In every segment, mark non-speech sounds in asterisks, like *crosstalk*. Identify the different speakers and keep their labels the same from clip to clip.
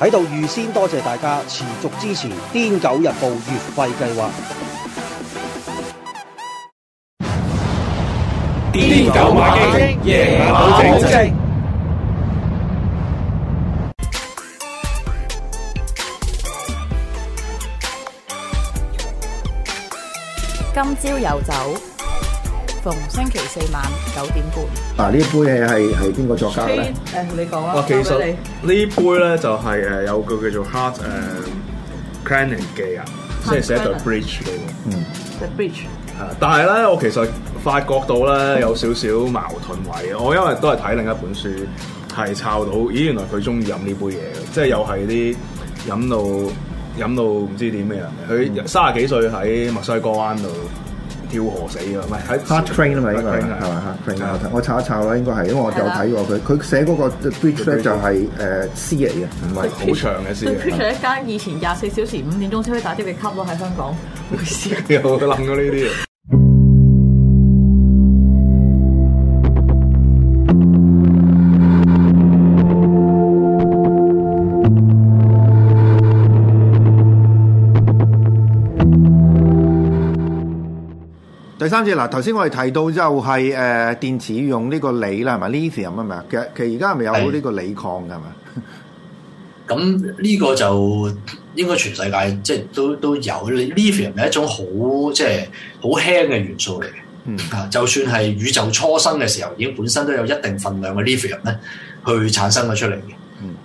Speaker 1: 喺度預先多謝大家持續支持《癲狗日報》月費計劃。
Speaker 2: 今朝有酒。逢星期四晚九點半。嗱呢、啊、杯嘢係係邊個作家咧？誒，你
Speaker 1: 講啊，我其實
Speaker 2: 杯呢杯咧就係、是、誒有個叫做 h e a 哈誒 Cranley 嘅啊，即係寫對 Bridge 嘅喎。嗯。The Bridge。係。但係咧，我其實發覺到咧有少少矛盾位。我因為都係睇另一本書係抄到，咦原來佢中意飲呢杯嘢嘅，即係又係啲飲到飲到唔知點咩人。佢三十幾歲喺墨西哥灣度。跳河死啊？唔係 Hart Crane 啊嘛，應該係，係嘛 Hart Crane 啊，我查一查啦，應該係，因為我有睇過佢，佢寫嗰個 Bridge 咧就係誒詩嚟嘅，唔係好長嘅詩。佢開一間
Speaker 1: 以前廿四小時五點鐘先可以打啲嘅卡咯，喺香港。
Speaker 2: 我諗咗呢啲。第三節嗱，頭先我哋提到就係誒電池用呢個鋰啦，係咪？Lithium 啊，其實其實而家係咪有呢個鋰礦㗎嘛。
Speaker 1: 咁呢個就應該全世界即係都都有。Lithium 係一種好即係好輕嘅元素嚟嘅。啊、嗯，就算係宇宙初生嘅時候已經本身都有一定份量嘅 Lithium 咧，去產生咗出嚟嘅。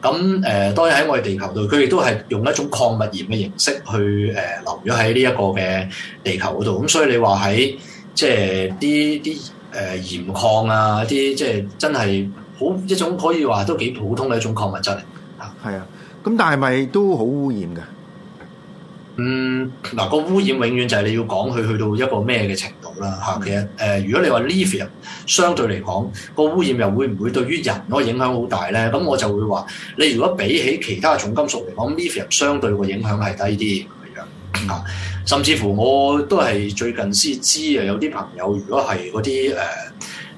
Speaker 1: 咁誒、嗯呃、當然喺我哋地球度，佢亦都係用一種礦物鹽嘅形式去誒、呃、留咗喺呢一個嘅地球度。咁所以你話喺即係啲啲誒鹽礦啊，啲即係真係好一種可以話都幾普通嘅一種礦物質嚟嚇。係啊，
Speaker 2: 咁但係咪都好
Speaker 1: 污染㗎？嗯，嗱、個污染永遠就係你要講佢去到一個咩嘅程度啦嚇、啊。其實誒、呃，如果你話 lithium 啊，相對嚟講、個污染又會唔會對於人個影響好大咧？咁我就會話你如果比起其他重金屬嚟講，lithium 啊相對個影響係低啲咁樣啊。甚至乎我都係最近先知啊，有啲朋友如果係嗰啲誒，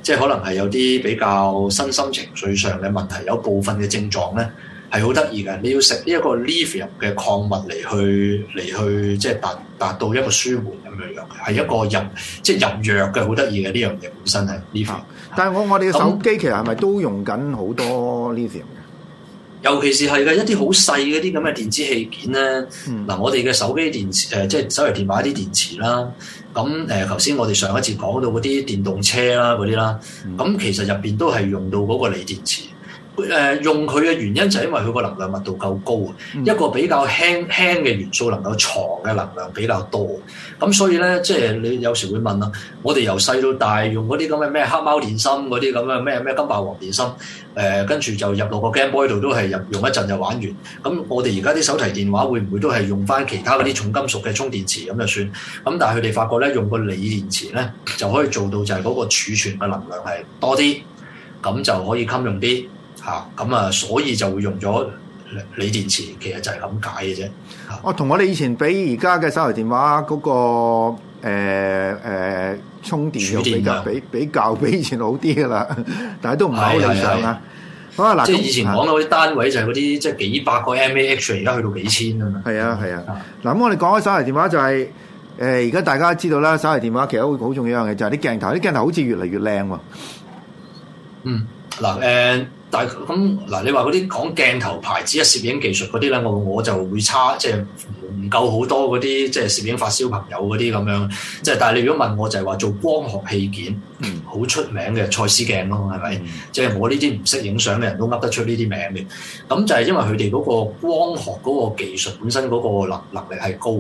Speaker 1: 即係可能係有啲比較身心情緒上嘅問題，有部分嘅症狀咧係好得意嘅。你要食呢一個 lithium 入嘅礦物嚟去嚟去，即係達達到一個舒緩咁嘅樣，係一個入即係入藥嘅，好得意嘅呢樣嘢本身係 lithium、
Speaker 2: 啊。但係我我哋嘅手機、嗯、其實係咪都用緊好多 lithium？
Speaker 1: 尤其是係嘅一啲好細嗰啲咁嘅電子器件咧，嗱、嗯、我哋嘅手機電誒即係手提電話一啲電池啦，咁誒頭先我哋上一次講到嗰啲電動車啦嗰啲啦，咁其實入邊都係用到嗰個鋰電池。誒、呃、用佢嘅原因就係因為佢個能量密度夠高啊，嗯、一個比較輕輕嘅元素能夠藏嘅能量比較多，咁、嗯、所以咧即係你有時會問啊，嗯、我哋由細到大用嗰啲咁嘅咩黑貓電芯嗰啲咁嘅咩咩金霸王電芯，誒跟住就入落個 Game Boy 度都係入用一陣就玩完，咁、嗯、我哋而家啲手提電話會唔會都係用翻其他嗰啲重金屬嘅充電池咁就算，咁、嗯、但係佢哋發覺咧用個鋰電池咧就可以做到就係嗰個儲存嘅能量係多啲，咁就可以襟用啲。吓咁啊，所以就會用咗鋰電池，其實就係咁解
Speaker 2: 嘅啫。我同我哋以前比而家嘅手提電話嗰、那個誒誒、欸欸、充電，比較比較比較比以前好啲噶啦，但係都唔係好理想啊。啊嗱，即係以前講到啲
Speaker 1: 單位就係嗰啲即係幾百個 mAh，而家去到幾千啊
Speaker 2: 嘛。係啊係啊。嗱咁、啊、我哋講開手提電話就係誒而家大家知道啦，手提電話其實好重要嘅就係啲鏡頭，啲鏡頭好似越嚟越靚、啊嗯
Speaker 1: 啊。嗯嗱誒。但係咁嗱，你話嗰啲講鏡頭牌子、啊、攝影技術嗰啲咧，我我就會差，即係，唔夠好多嗰啲即係攝影發燒朋友嗰啲咁樣，即係，但係你如果問我就係、是、話做光學器件，好、嗯、出名嘅蔡司鏡咯，係咪？即係、嗯、我呢啲唔識影相嘅人都噏得出呢啲名嘅。咁就係因為佢哋嗰個光學嗰個技術本身嗰個能能力係高。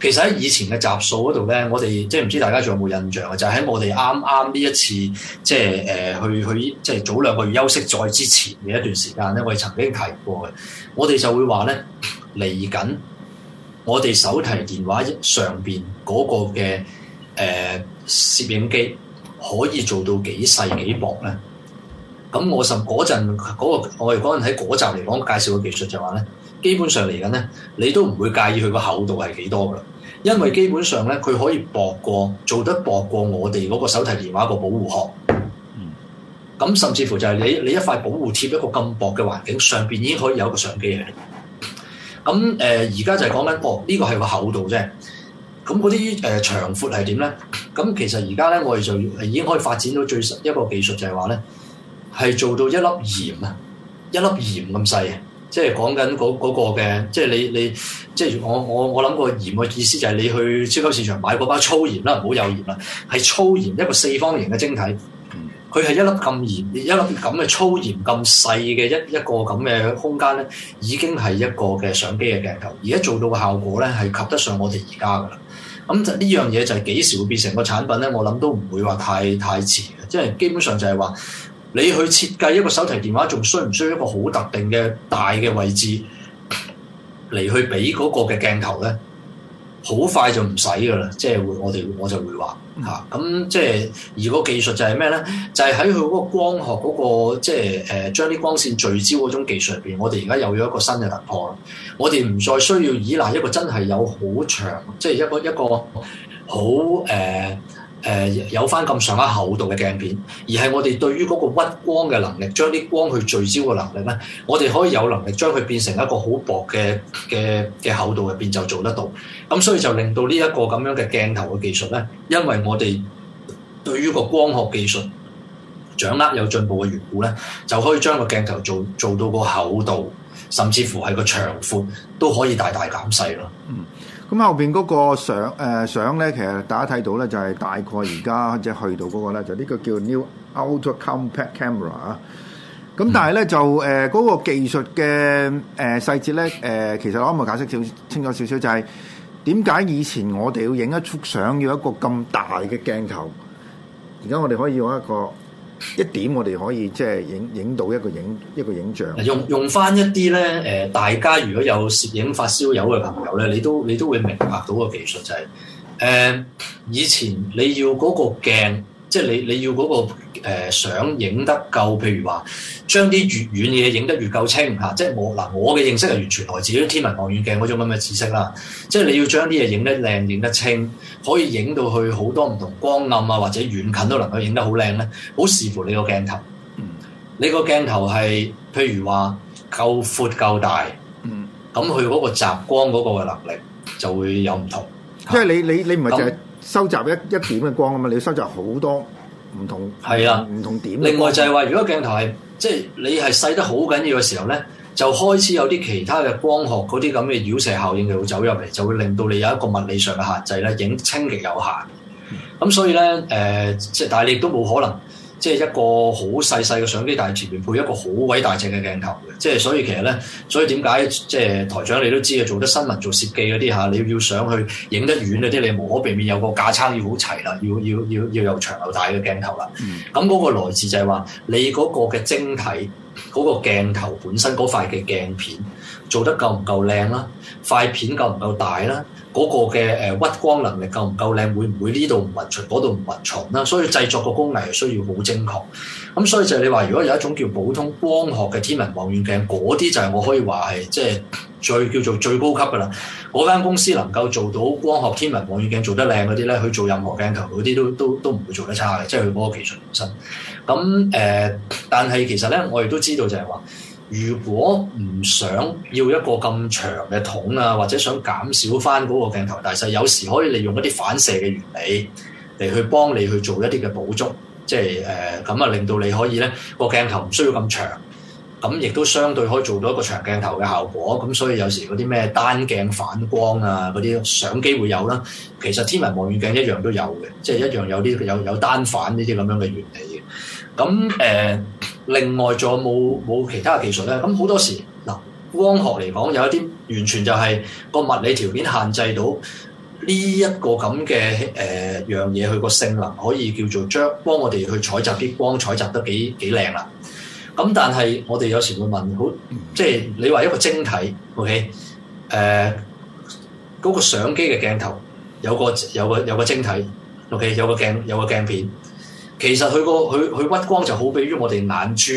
Speaker 1: 其實喺以前嘅集數嗰度咧，我哋即係唔知大家仲有冇印象嘅，就係、是、喺我哋啱啱呢一次即係誒、呃、去去即係早兩個月休息再之前嘅一段時間咧，我哋曾經提過嘅，我哋就會話咧嚟緊。我哋手提電話上邊嗰個嘅誒、呃、攝影機可以做到幾細幾薄咧？咁我甚嗰陣嗰個我哋嗰陣喺嗰集嚟講介紹嘅技術就話咧，基本上嚟緊咧，你都唔會介意佢個厚度係幾多噶啦，因為基本上咧佢可以薄過，做得薄過我哋嗰個手提電話個保護殼。咁、嗯、甚至乎就係你你一塊保護貼一個咁薄嘅環境上邊已經可以有一個相機喺度咁誒，而家、嗯、就係講緊，哦，呢個係個厚度啫。咁嗰啲誒長闊係點咧？咁其實而家咧，我哋就已經可以發展到最新一個技術就，就係話咧，係做到一粒鹽啊，一粒鹽咁細，即係講緊嗰個嘅，即係你你，即係、就係、我我我諗個鹽嘅意思就係你去超級市場買嗰包粗鹽啦，唔好有鹽啦，係粗鹽一個四方形嘅晶體。佢係一粒咁鹽，一粒咁嘅粗鹽咁細嘅一一個咁嘅空間咧，已經係一個嘅相機嘅鏡頭。而家做到嘅效果咧，係及得上我哋而家㗎喇。咁就呢樣嘢就係幾時會變成個產品咧？我諗都唔會話太太遲嘅，即係基本上就係話你去設計一個手提電話，仲需唔需要一個好特定嘅大嘅位置嚟去畀嗰個嘅鏡頭咧？好快就唔使噶啦，即係會我哋我就會話嚇，咁即係而個技術就係咩咧？就係喺佢嗰個光學嗰個即係誒將啲光線聚焦嗰種技術入邊，我哋而家又有一個新嘅突破，我哋唔再需要依賴一個真係有好長，即係一個一個好誒。呃誒、呃、有翻咁上下厚度嘅鏡片，而係我哋對於嗰個屈光嘅能力，將啲光去聚焦嘅能力咧，我哋可以有能力將佢變成一個好薄嘅嘅嘅厚度入邊就做得到。咁所以就令到這這呢一個咁樣嘅鏡頭嘅技術咧，因為我哋對於個光學技術掌握有進步嘅緣故咧，就可以將個鏡頭做做到個厚度，甚至乎係個長寬都可以大大減細咯。嗯。
Speaker 2: 咁後邊嗰個相誒相咧，其實大家睇到咧，就係大概而家即係去到嗰個咧，就呢個叫 New Ultra Compact Camera 啊。咁但係咧就誒嗰個技術嘅誒細節咧，誒其實我可唔可以解釋少清楚少少？就係點解以前我哋要影一張相要一個咁大嘅鏡頭，而家我哋可以用一個。一點我哋可以即係影影到一個影一個影像。用
Speaker 1: 用翻一啲咧，誒、呃、大家如果有攝影發燒友嘅朋友咧，你都你都會明白到個技術就係、是、誒、呃、以前你要嗰個鏡，即係你你要嗰、那個。誒、呃、想影得夠，譬如話將啲越遠嘅嘢影得越夠清嚇，即係我嗱、啊、我嘅認識係完全來自於天文望遠鏡嗰種咁嘅知識啦。即係你要將啲嘢影得靚、影得清，可以影到去好多唔同光暗啊，或者遠近都能夠影得好靚咧，好視乎你個鏡頭。嗯，你個鏡頭係譬如話夠闊夠大，嗯，咁佢嗰個集光嗰個嘅能力就會有唔同。
Speaker 2: 嗯、即係你你你唔係就係收集一、嗯、一點嘅光啊嘛，你要收集好多。唔同，係啊的，唔同點？另外就係話，如果鏡
Speaker 1: 頭係即係你係細得好緊要嘅時候咧，就開始有啲其他嘅光學嗰啲咁嘅繞射效應就會走入嚟，就會令到你有一個物理上嘅限制咧，影清極有限。咁、嗯、所以咧，誒、呃，即係但係你亦都冇可能。即係一個好細細嘅相機，但係前面配一個好鬼大隻嘅鏡頭嘅。即係所以其實咧，所以點解即係台長你都知啊？做得新聞做攝記嗰啲嚇，你要上去影得遠嗰啲，你無可避免有個架撐要好齊啦，要要要要有長又大嘅鏡頭啦。咁嗰、嗯、個來自就係話，你嗰個嘅晶體嗰、嗰個鏡頭本身嗰塊嘅鏡片做得夠唔夠靚啦？塊片夠唔夠大啦？嗰個嘅誒屈光能力夠唔夠靚，會唔會循循呢度唔勻循，嗰度唔勻循啦？所以製作個工藝需要好精確。咁所以就係你話，如果有一種叫普通光學嘅天文望遠鏡，嗰啲就係我可以話係即係最叫做最高級噶啦。嗰間公司能夠做到光學天文望遠鏡做得靚嗰啲咧，去做任何鏡頭，嗰啲都都都唔會做得差嘅，即係佢嗰個技術本身。咁誒、呃，但係其實咧，我亦都知道就係話。如果唔想要一個咁長嘅筒啊，或者想減少翻嗰個鏡頭大細，但有時可以利用一啲反射嘅原理嚟去幫你去做一啲嘅補足，即係誒咁啊，令到你可以咧、呢個鏡頭唔需要咁長，咁亦都相對可以做到一個長鏡頭嘅效果。咁所以有時嗰啲咩單鏡反光啊，嗰啲相機會有啦。其實天文望遠鏡一樣都有嘅，即係一樣有啲有有單反呢啲咁樣嘅原理嘅。咁誒。呃另外仲有冇冇其他嘅技術咧？咁好多時嗱，光學嚟講有一啲完全就係個物理條件限制到呢一個咁嘅誒樣嘢，佢、呃、個性能可以叫做將幫我哋去採集啲光，採集得幾幾靚啦。咁但係我哋有時會問，好即係你話一個晶體，OK？誒、呃、嗰、那個相機嘅鏡頭有個有個有個晶體，OK？有個鏡有個鏡片。其實佢個佢佢屈光就好比於我哋眼珠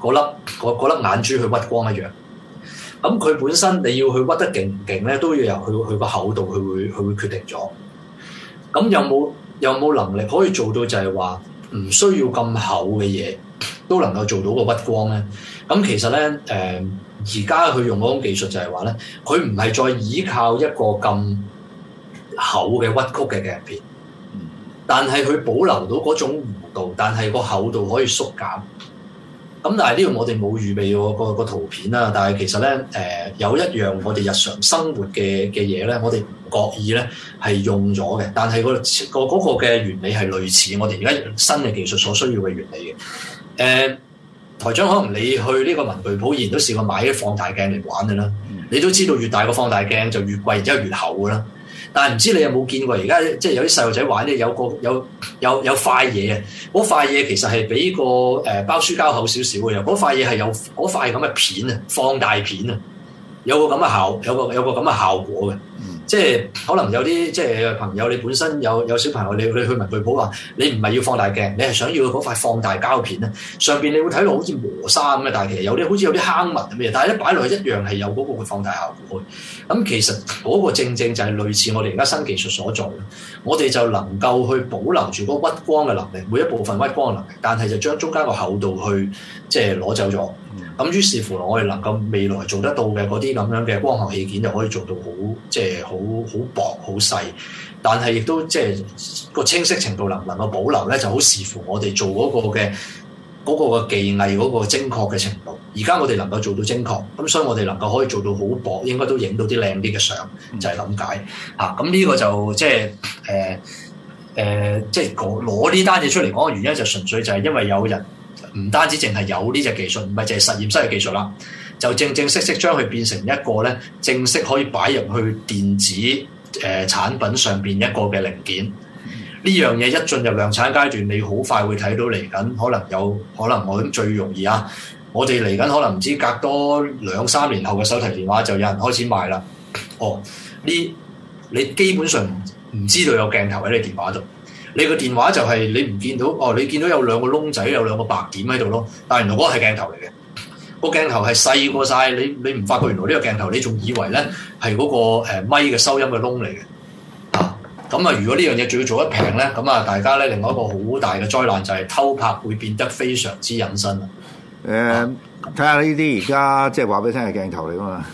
Speaker 1: 嗰粒粒眼珠去屈光一樣。咁佢本身你要去屈得勁唔勁咧，都要由佢佢個厚度，佢會佢會決定咗。咁有冇有冇能力可以做到就係話唔需要咁厚嘅嘢，都能夠做到個屈光咧？咁其實咧，誒而家佢用嗰種技術就係話咧，佢唔係再依靠一個咁厚嘅屈曲嘅鏡片。但係佢保留到嗰種弧度，但係個厚度可以縮減。咁但係呢個我哋冇預備個、嗰個圖片啦。但係其實咧，誒、呃、有一樣我哋日常生活嘅嘅嘢咧，我哋唔覺意咧係用咗嘅。但係、嗰個、嗰個嘅原理係類似我哋而家新嘅技術所需要嘅原理嘅。誒、呃、台長，可能你去呢個文具鋪，然都試過買啲放大鏡嚟玩嘅啦。嗯、你都知道，越大個放大鏡就越貴，然之後越厚噶啦。但係唔知你有冇見過而家即係有啲細路仔玩咧，有個有有有塊嘢啊！嗰塊嘢其實係比個誒、呃、包書膠厚少少嘅，嗰塊嘢係有嗰塊咁嘅片啊，放大片啊，有個咁嘅效，有個有個咁嘅效果嘅。即係可能有啲即係朋友，你本身有有小朋友，你你去文具鋪話，你唔係要放大鏡，你係想要嗰塊放大膠片咧。上邊你會睇到好似磨砂咁嘅，但係其實有啲好似有啲坑紋咁嘅。但係一擺落去一樣係有嗰、嗰個會放大效果。咁、嗯、其實嗰個正正就係類似我哋而家新技術所在，我哋就能夠去保留住個屈光嘅能力，每一部分屈光嘅能力，但係就將中間個厚度去即係攞走咗。咁、嗯、於是乎，我哋能夠未來做得到嘅嗰啲咁樣嘅光學器件，就可以做到好，即係好好薄好細。但係亦都即係個清晰程度能唔能夠保留咧，就好視乎我哋做嗰個嘅嗰、嗰個嘅技藝嗰、嗰個精確嘅程度。而家我哋能夠做到精確，咁所以我哋能夠可以做到好薄，應該都影到啲靚啲嘅相，就係咁解嚇。咁呢、嗯啊、個就即係誒誒，即係攞攞呢單嘢出嚟講嘅原因，就純粹就係因為有人。唔單止淨係有呢隻技術，唔係淨係實驗室嘅技術啦，就正正式式將佢變成一個咧正式可以擺入去電子誒、呃、產品上邊一個嘅零件。呢樣嘢一進入量產階段，你好快會睇到，嚟緊可能有可能我諗最容易啊，我哋嚟緊可能唔知隔多兩三年後嘅手提電話就有人開始賣啦。哦，呢你基本上唔知道有鏡頭喺你電話度。你個電話就係你唔見到哦，你見到有兩個窿仔，有兩個白點喺度咯。但係原來嗰係鏡頭嚟嘅，個鏡頭係細過晒。你，你唔發覺原來呢個鏡頭，你仲以為咧係嗰個誒咪嘅收音嘅窿嚟嘅啊。咁啊，如果呢樣嘢仲要做得平咧，咁啊，大家咧另外一個好大嘅災難就係偷拍會變得非常之隱身啦。誒。
Speaker 2: Um. 睇下呢啲而家即係話俾你聽係鏡頭嚟噶嘛？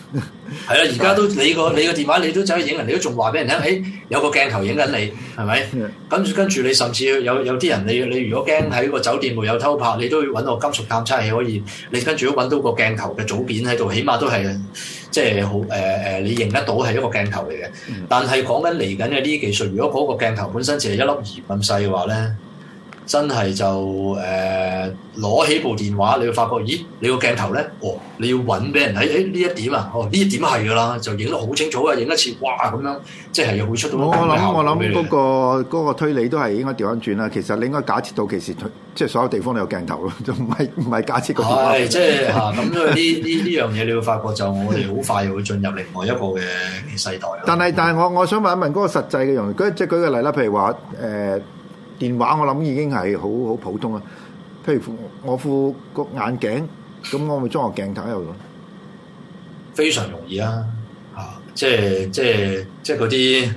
Speaker 1: 係 *laughs* 啊，而家都你個你個電話你都走去影人，你都仲話俾人聽，誒、欸、有個鏡頭影緊你，
Speaker 2: 係咪？
Speaker 1: 咁，的跟住你甚至有有啲人，你你如果驚喺個酒店會有偷拍，你都要揾個金屬探測器可以，你跟住都揾到個鏡頭嘅組件喺度，起碼都係即係好誒誒，你認得到係一個鏡頭嚟嘅。但係講緊嚟緊嘅呢啲技術，如果嗰個鏡頭本身就係一粒鹽咁細嘅話咧。真係就誒攞、呃、起部電話，你會發覺，咦？你個鏡頭咧，哦，你要揾俾人睇誒呢一點啊，哦呢一點係㗎啦，就影得好清楚啊，影一次，哇咁樣，即係又會出到我。我我諗我諗
Speaker 2: 嗰個推理都係應該調翻轉啦。其實你應該假設到其實即係所有地方都有鏡頭咯，就唔係唔係假設嗰。係即係嚇咁呢
Speaker 1: 呢呢樣嘢，啊、 *laughs* 你會發覺就我哋好快又會進入另外一個嘅世代。
Speaker 2: *laughs* 但係但係我我想問一問嗰、嗰個實際嘅用，即係舉個例啦，譬如話誒。電話我諗已經係好好普通啦，譬如我副個眼鏡，咁我咪裝個鏡頭喺度咯，
Speaker 1: 非常容易啦、啊、嚇、啊，即係即係即係嗰啲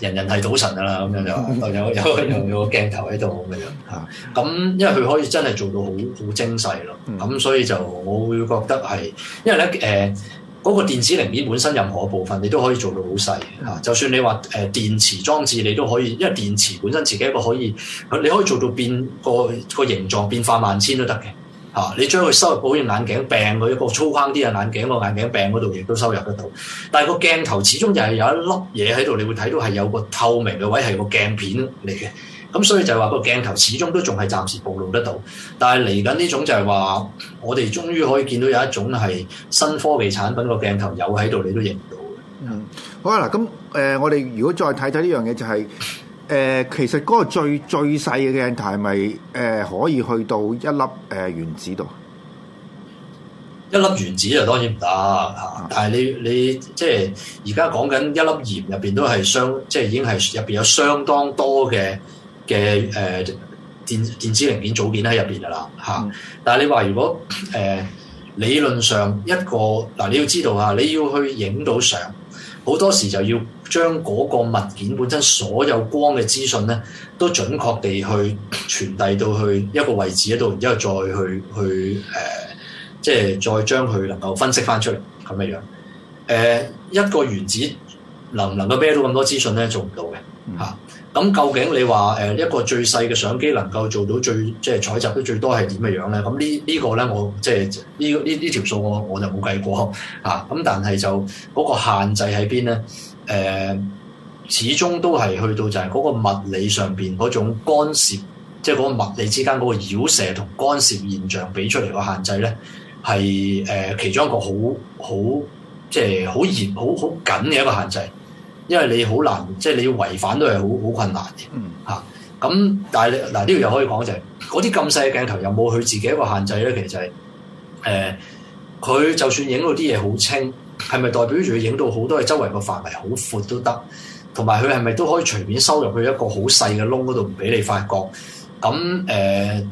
Speaker 1: 人人係賭神噶啦咁樣就有 *laughs* 有有有個鏡頭喺度咁樣嚇，咁、啊、 *laughs* 因為佢可以真係做到好好精細咯，咁 *laughs* 所以就我會覺得係因為咧誒。呃嗰個電子零件本身任何部分，你都可以做到好細嘅。啊，就算你話誒、呃、電池裝置，你都可以，因為電池本身自己一個可以，你可以做到變個個形狀變化萬千都得嘅。啊，你將佢收入保險眼鏡柄，掟佢一個粗框啲嘅眼鏡個眼鏡柄嗰度，亦都收入得到。但係個鏡頭始終就係有一粒嘢喺度，你會睇到係有個透明嘅位係個鏡片嚟嘅。咁、嗯、所以就係話個鏡頭始終都仲係暫時暴露得到，但係嚟緊呢種就係話，我哋終於可以見到有一種係新科技產品個鏡頭有喺度，你都認唔到。
Speaker 2: 嗯，好啊。咁誒，我哋如果再睇睇呢樣嘢，就係誒，其實嗰個最最細嘅鏡頭係咪誒可以去到一粒誒、呃、原子度？
Speaker 1: 一粒原子就，啊，當然唔得嚇。但係你你即係而家講緊一粒鹽入邊都係相，即係已經係入邊有相當多嘅。嘅誒電電子零件組件喺入邊噶啦嚇，嗯、但係你話如果誒、呃、理論上一個嗱、呃、你要知道嚇，你要去影到相，好多時就要將嗰個物件本身所有光嘅資訊咧，都準確地去傳遞到去一個位置喺度，然之後再去去誒、呃，即係再將佢能夠分析翻出嚟咁嘅樣。誒、呃、一個原子能唔能夠孭到咁多資訊咧？做唔到嘅嚇。嗯咁究竟你話誒、呃、一個最細嘅相機能夠做到最即係採集得最多係點嘅樣咧？咁、這個、呢呢個咧我即係呢呢呢條數我我就冇計過嚇。咁、啊、但係就嗰、那個限制喺邊咧？誒、呃，始終都係去到就係嗰個物理上邊嗰種干涉，即係嗰個物理之間嗰個繞射同干涉現象俾出嚟個限制咧，係誒、呃、其中一個好好即係好嚴好好緊嘅一個限制。因為你好難，即、就、係、是、你要違反都係好好困難嘅，嚇咁、嗯啊。但係嗱，呢度又可以講就係嗰啲咁細嘅鏡頭有冇佢自己一個限制咧？其實就係、是、誒，佢、呃、就算影到啲嘢好清，係咪代表住佢影到好多嘅周圍嘅範圍好闊都得？同埋佢係咪都可以隨便收入去一個好細嘅窿嗰度唔俾你發覺？咁誒，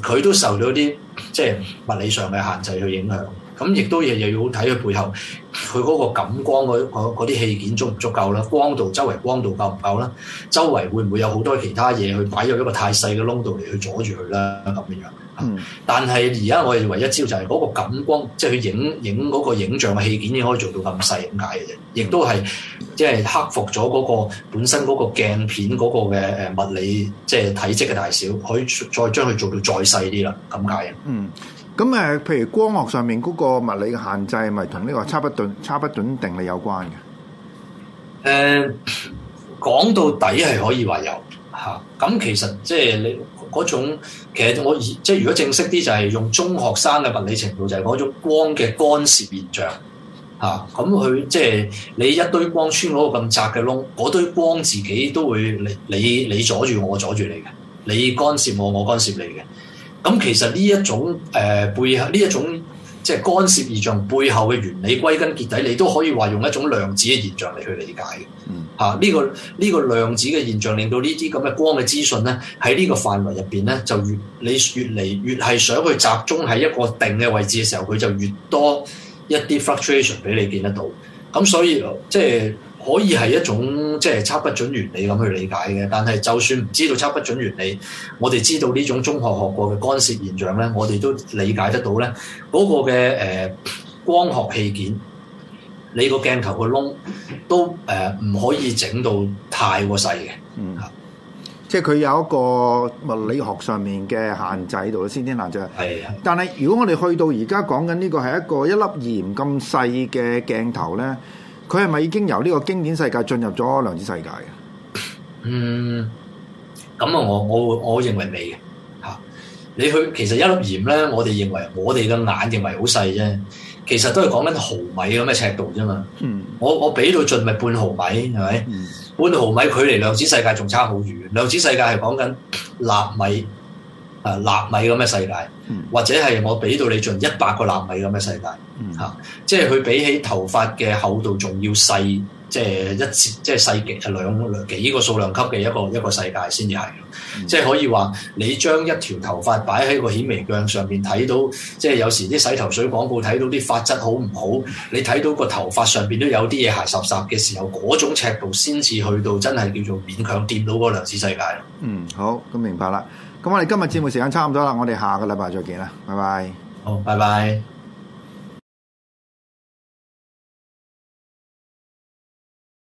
Speaker 1: 佢、呃、都受到啲即係物理上嘅限制去影響。咁亦都亦又要睇佢背後，佢嗰個感光嗰啲器件足唔足夠啦？光度周圍光度夠唔夠啦？周圍會唔會有好多其他嘢去擺咗一個太細嘅窿度嚟去阻住佢啦咁嘅樣？嗯。但係而家我哋唯一招就係嗰個感光，嗯、即係佢影影嗰個影像嘅器件已經可以做到咁細咁解嘅啫。亦都係即係克服咗嗰個本身嗰個鏡片嗰個嘅誒物理，即係體積嘅大小，可以再將佢做到再細啲啦，咁解嘅。嗯。
Speaker 2: 咁誒，譬如光學上面嗰個物理嘅限制，咪同呢個測不準測不準定理有關嘅？
Speaker 1: 誒，講到底係可以話有嚇。咁、啊、其實即係你嗰種，其實我即係如果正式啲，就係用中學生嘅物理程度，就係嗰種光嘅干涉現象嚇。咁佢即係你一堆光穿嗰個咁窄嘅窿，嗰堆光自己都會你你你阻住我，我阻住你嘅，你干涉我，我干涉你嘅。咁其實呢一種誒、呃、背後呢一種即係干涉現象背後嘅原理，歸根結底你都可以話用一種量子嘅現象嚟去理解嘅。嗯，嚇呢、啊呢個呢、呢個量子嘅現象令到呢啲咁嘅光嘅資訊咧喺呢個範圍入邊咧就越你越嚟越係想去集中喺一個定嘅位置嘅時候，佢就越多一啲 fluctuation 俾你見得到。咁、嗯、所以即係可以係一種。即係測不準原理咁去理解嘅，但係就算唔知道測不準原理，我哋知道呢種中學學過嘅干涉現象咧，我哋都理解得到咧。嗰個嘅誒光學器件，你個鏡頭個窿都誒唔可以整到太過細嘅。嗯，
Speaker 2: 即係佢有一個物理學上面嘅限制喺度先，先天限制。係。是的 但係如果我哋去到而家講緊呢個係一個一粒鹽咁細嘅鏡頭咧。佢係咪已經由呢個經典世界進入咗量子世界嘅？嗯，
Speaker 1: 咁啊，我我我認為未嘅嚇。你去其實一粒鹽咧，我哋認為我哋嘅眼認為好細啫，其實都係講緊毫米咁嘅尺度啫嘛。嗯，我我俾到盡咪半毫米係咪？嗯，半毫米距離量子世界仲差好遠。量子世界係講緊納米。誒納米咁嘅世界，嗯、或者係我俾到你盡一百個納米咁嘅世界嚇，嗯、即係佢比起頭髮嘅厚度仲要細，即、就、係、是、一截，即係細幾兩幾個數量級嘅一個一個世界先至係，即係、嗯、可以話你將一條頭髮擺喺個顯微鏡上面睇到，即係有時啲洗頭水廣告睇到啲髮質好唔好，你睇到個頭髮上邊都有啲嘢鞋濕濕嘅時候，嗰、嗯、種尺度先至去到真係叫做勉強掂到嗰量子世界。嗯，
Speaker 2: 好，咁明白啦。咁我哋今日節目時間差唔多啦，我哋下個禮拜再見啦，拜拜。好，拜拜。